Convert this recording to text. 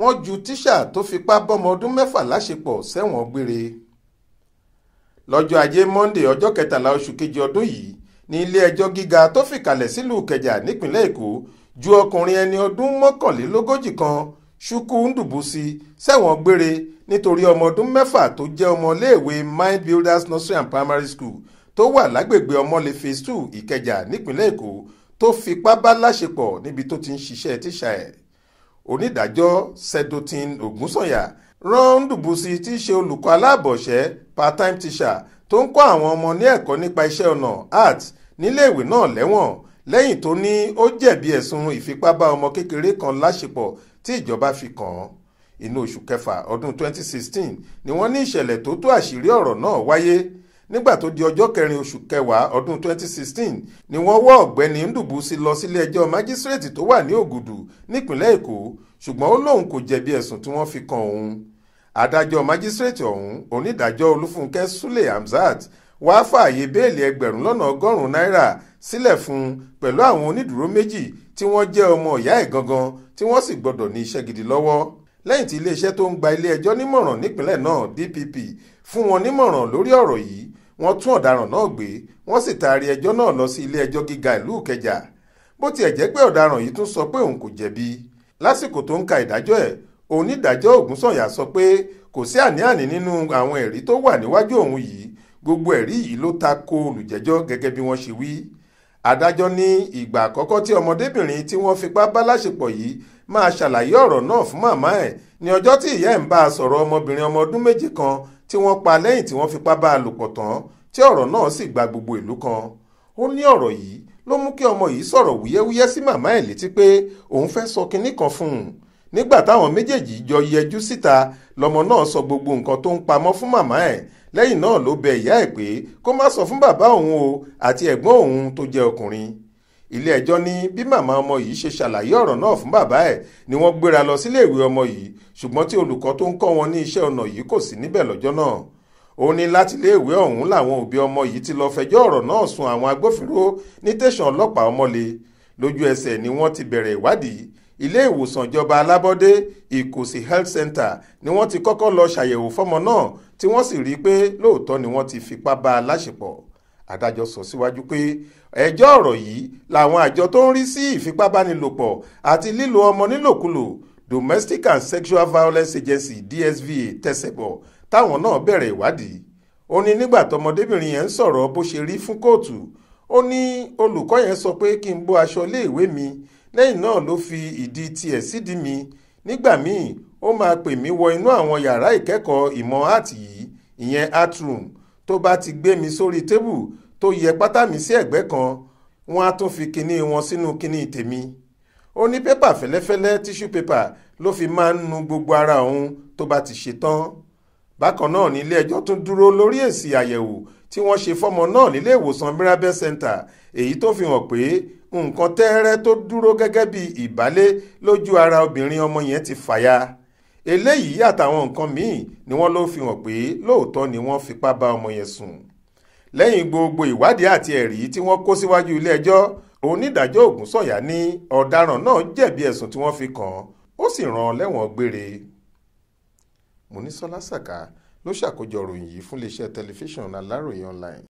wọ́n ju tíṣà tó fipá bọ́mọ ọdún mẹ́fà láṣepọ̀ sẹ́wọ̀n gbére lọ́jọ́ ajé monde ọjọ́ kẹtàlá oṣù kejì ọdún yìí ní ilé-ẹjọ́ gíga tó fìkàlẹ̀ sílùú kẹjà nípínlẹ̀ èkó ju ọkùnrin ẹni ọdún mọ́kànlélógójì kan ṣúkú ndùbùsì sẹ́wọ̀n gbére nítorí ọmọ ọdún mẹ́fà tó jẹ́ ọmọléèwé mind builders nursery and primary school tó wà lágbègbè ọmọlé phase two ìkẹjà nípínlẹ̀ èkó tó fipá bá láṣepọ̀ níbi tó ti ń ṣiṣẹ́ tíṣà ẹ̀ onídàájọ́ sedotin ogunsanya rán ndùbùsì tí í ṣe olùkọ́ aláàbọ̀ṣẹ́ part-time teacher tó ń kọ́ àwọn ọmọ ní ẹ̀kọ́ nípa iṣẹ́ ọnà art níléèwé náà lẹ́wọ̀n lẹ́yìn tó ní ó jẹ̀bi ẹ̀sùn ìfipábá ọmọ kékeré kan láṣepọ̀ tí ìjọba fi kàn án inú oṣù kẹfà ọdún 2016 ni wọ́n ní ìṣẹ̀lẹ̀ tó tú àṣírí ọ̀rọ̀ náà wáyé nígbà tó di ọjọ́ kẹrin oṣù kẹwàá ọdún 2016 ni wọ́n wọ́ ọ̀gbẹ́ni ndùbùsí lọ sílé ẹjọ́ májísírèètì tó wà ní ògùdù nípìnlẹ̀ èkó ṣùgbọ́n ó lóun kò jẹ̀bi ẹ̀sùn tí wọ́n fi kan òun adájọ́ májísírèètì ọ̀hún onídàájọ́ olúfúnkẹ́ sule hamzat wàá fààyè bẹ́ẹ̀lì ẹgbẹ̀rún lọ́nà ọgọ́rùn-ún náírà sílẹ̀ fún un pẹ̀lú àwọn onídùúró méjì tí wọ́n jẹ́ ọmọ ìyá ẹ̀ gangan tí wọ́n sì gbọ́dọ̀ ní iṣẹ́ gidi lọ́wọ́ lẹ́yìn tí iléeṣẹ́ tó ń gba ilé ẹjọ́ nímọ̀ràn nípìnlẹ̀ náà DPP fún wọn nímọ̀ràn lórí ọ̀rọ̀ yìí wọ́n tún ọ̀daràn náà gbé wọ́n sì taari ẹjọ́ náà lọ sí ilé-ẹjọ́ gíga ìlú ìkẹjà bó tiẹ̀ jẹ́ pé ọ̀daràn yìí tún sọ pé òun kò jẹ̀bi lásìkò tó ń ka ìdájọ́ ẹ̀ onídàájọ́ ògúnsànyà sọ pé kò sí àní-àní nínú àwọn ẹ̀rí tó wà níwájú òun yìí gbogbo ẹ̀rí yìí ló ta ko olùjẹ́jọ́ gẹ́gẹ́ bí wọ́n ṣe wí adájọ́ ní ìgbà àkọ́kọ́ tí ọmọdébìnrin tí wọ́n fipá bá láṣepọ̀ yìí máa ṣàlàyé ọ̀rọ̀ náà fún màmá ẹ̀ ní ọjọ́ tí ìyá ẹ̀ ń bá a sọ̀rọ̀ ọmọbìnrin ọmọ ọdún méje kan tí wọ́n pa lẹ́yìn tí wọ́n fipá bá a lòpọ̀ tán tí ọ̀rọ̀ náà sì gba gbogbo ìlú kan ó ní ọ̀rọ̀ yìí ló mú kí ọmọ yìí sọ̀rọ̀ wúyẹ́wúyẹ́ sí màmá ẹ̀ létí pé òun fẹ́ sọ kinní kan fún un nígbà táwọn méjèèjì jọ yẹjú síta lọmọ náà sọ gbogbo nǹkan tó ń pamọ́ fún màmá ẹ̀ lẹ́yìn náà ló bẹ ìyá ẹ̀ pé kó má sọ fún bàbá òun o àti ẹ̀gbọ́n òun tó jẹ́ ọkùnrin ilé-ẹjọ́ ní bí màmá ọmọ yìí ṣe ṣàlàyé ọ̀rọ̀ náà fún bàbá ẹ̀ ni wọ́n gbéra lọ síléèwé ọmọ yìí ṣùgbọ́n tí olùkọ́ tó ń kọ́ wọn ní iṣẹ́ ọnà yìí kò sí níbẹ̀ lọ́jọ́ náà ó ní láti iléèwé ọ̀hún làwọn òbí ọmọ yìí ti lọ fẹjọ́ ọ̀rọ̀ náà sun àwọn agbófinró ní tẹ̀sán ọlọ́pàá ọmọlé lójú ẹsẹ̀ ni wọ́n ti bẹ̀rẹ̀ ìwádìí ilé ìwòsàn ìjọba alábọ́dé ìkòsí health center ni wọ́n ti kọ́kọ́ lọ ṣàyẹ̀wò fọ́mọ náà tí wọ́n sì rí i pé lóòótọ́ ni wọ́n ti fipá bá a láṣepọ̀ adájọ́ sọ síwájú pé ẹjọ́ ọ̀rọ̀ yìí làwọn àjọ tó ń rí sí ìfipábánilòpọ̀ àti lílo ọmọ nílòkulò domestic and sexual violence agency dsva tẹsẹ̀bọ̀ táwọn náà bẹ̀rẹ̀ ìwádìí ó ní nígbà tọmọdébìnrin yẹn ń sọ̀rọ̀ bó ṣe rí fún kóòtù ó ní olùkọ́ yẹn sọ pé kí n bó aṣọ iléèwé mi lẹ́yìn náà ló fi ìdí tiẹ̀ sídìí mi nígbà míì ó máa pè mí wọ inú àwọn yàrá ìkẹ́kọ̀ọ́ ìmọ̀ áàtì yìí ìyẹn art room tó bá ti gbé mi sórí tébù tó yẹ pátá mi sí ẹ̀gbẹ́ kan wọ́n á tún fi kinní wọn sínú kinní tèmi ó ní pépà fẹ́lẹ́fẹ́lẹ́ tíṣú pépà ló fi máa ń nu gbogbo ara òun tó bá ti ṣe tán bákan náà ní ilé-ẹjọ́ tún dúró lórí èsì àyẹ̀wò tí wọ́n ṣe fọ́mọ náà nílé ìwòsàn mirabel center èyí tó fi hàn pé nǹkan tẹ́ẹ́rẹ́ tó dúró gẹ́gẹ́ bí ìbálé lójú ara obìnrin ọmọ yẹn ti fàya eléyìí àtàwọn nǹkan míì ni wọ́n ló fi hàn pé lóòótọ́ ni wọ́n fipá bá ọmọ yẹn sùn lẹ́yìn gbogbo ìwádìí àti ẹ̀rí tí wọ́n kó síwájú ilé-ẹjọ́ onídàájọ́ Ògúnsọ̀yà ní ọ̀daràn náà jẹ̀bi ẹ̀sùn tí wọ́n fi kàn án ó sì rán lẹ́wọ̀n gbére Monísọ́lá Sàká ló ṣàkójọ ìròyìn yìí fún iléeṣẹ́ tẹlifíṣàn Aláròye online